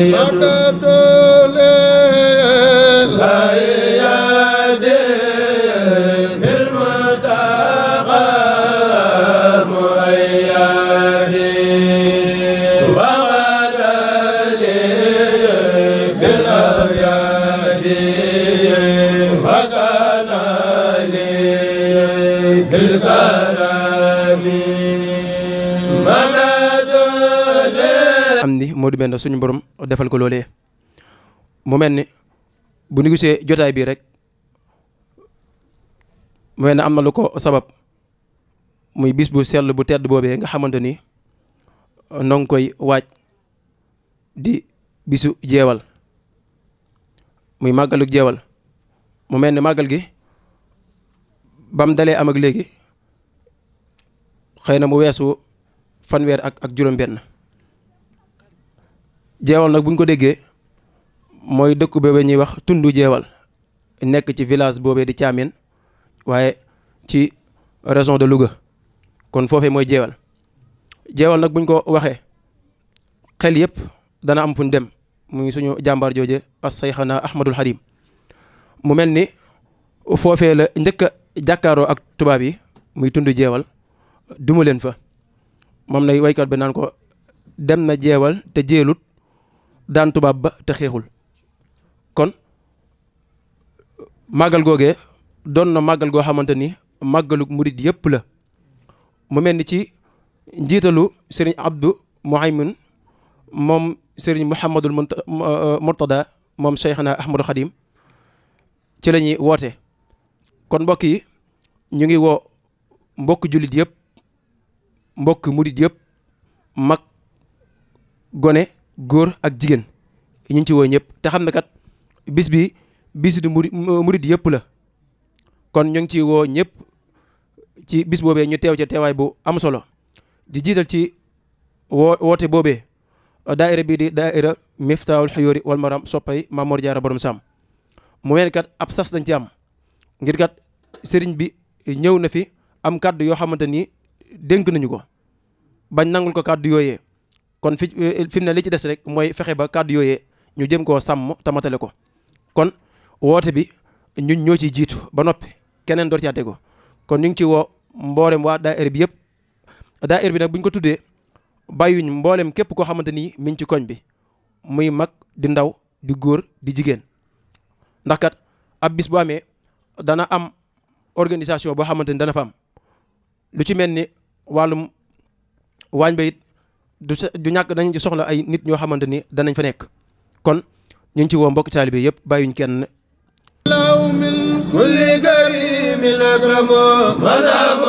Sada dole la Mana am ni Modou Mbenda suñu borom defal ko loole mu mel ni bu ñu gisee jotaay bii rek mu mel ne am na lu ko sabab muy bis bu sell bu tedd boobee nga xamante ni noo koy waaj di bisu jeewal muy màggaluk jeewal mu mel ni màggal gi bam dalee am ak léegi xëy na mu weesu fanweer ak ak juróom-benn jeewal nag bu ñu ko déggee mooy dëkk boobee ñuy wax tundu jeewal nekk ci village boobe di Thiamène waaye ci région de Louga kon foofee mooy jeewal jeewal nag bu ñu ko waxee xel yëpp dana am fu ñu dem muy suñu jàmbaar jooje as sayxana Ahmadul Xadim mu mel ni foofee la njëkk a jàkkaaroo ak tubaab yi muy tund jeewal duma leen fa moom nay waykat bi naan ko dem na jeewal te jeelut daan tubaab ba te xeexul kon màggal googee doon na màggal goo xamante ni màggalu murit yëpp la mu mel ni ci njiitalu sëriñ Abdou Mouhaymin moom sëriñ Mouhamadul Murtada moom Cheikhna Ahmadou Khadim ci lañuy woote kon mbokk yi ñu ngi woo mbokk jullit yépp mbokk murit yépp mag gone góor ak jigéen ñu ngi ci woo ñëpp te xam ne kat bis bi bis du murid yëpp la kon ñu ngi ci woo ñëpp ci bis boobee ñu teew ca teewaay bu am solo di jiital ci woo woote boobee daaira bii di daaira miftaawul xiyóori wal maram soppay Mamoor Jaara borom Saam mu mel kat ab sas dañ ci am ngir kat sëriñ bi ñëw na fi am kàddu yoo xamante ni dénk nañu ko bañ nangul ko kàddu yooyee kon fi eh, eh, fi mu ne li ci des rek mooy fexe ba kàddu yooyee ñu jëm koo sàmm tamatale ko kon woote bi ñun ñoo ciy jiitu ba noppi keneen door caa tegu kon ñu ngi ci woo mboolem waa daayira bi yëpp ere bi nag buñ ko tuddee bàyyuñ mbooleem képp koo xamante ni mi ngi ci koñ bi muy mag di ndaw di góor di jigéen ndax kat ab bis bu amee dana am organisation boo xamante ni dana fa lu ci mel ni wàllum waañ ba it du du ñàkk dañu ci soxla ay nit ñoo xamante ni danañ fa nekk kon ñu ngi ci woo mbokk taalibe yëpp bàyyuñ kenn كل كريم أكرم منام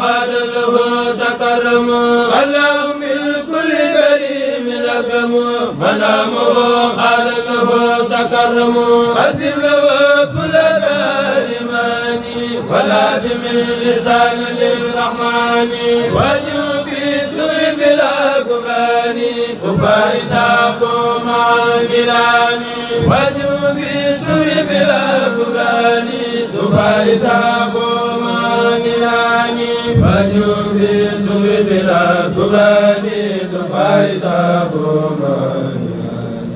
خادم له تكرم اللهم كل كريم أكرم منام خادم له تكرم أسلم له كل كلمان ولازم اللسان للرحمن وجوبي سلب فإسابه مع الجيران وجوبي سر بلا بران فإسابه مع الجيران وجوبي سر بلا بران فإسابه مع الجيران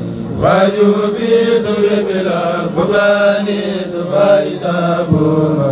وجوبي سر بلا بران فإسابه مع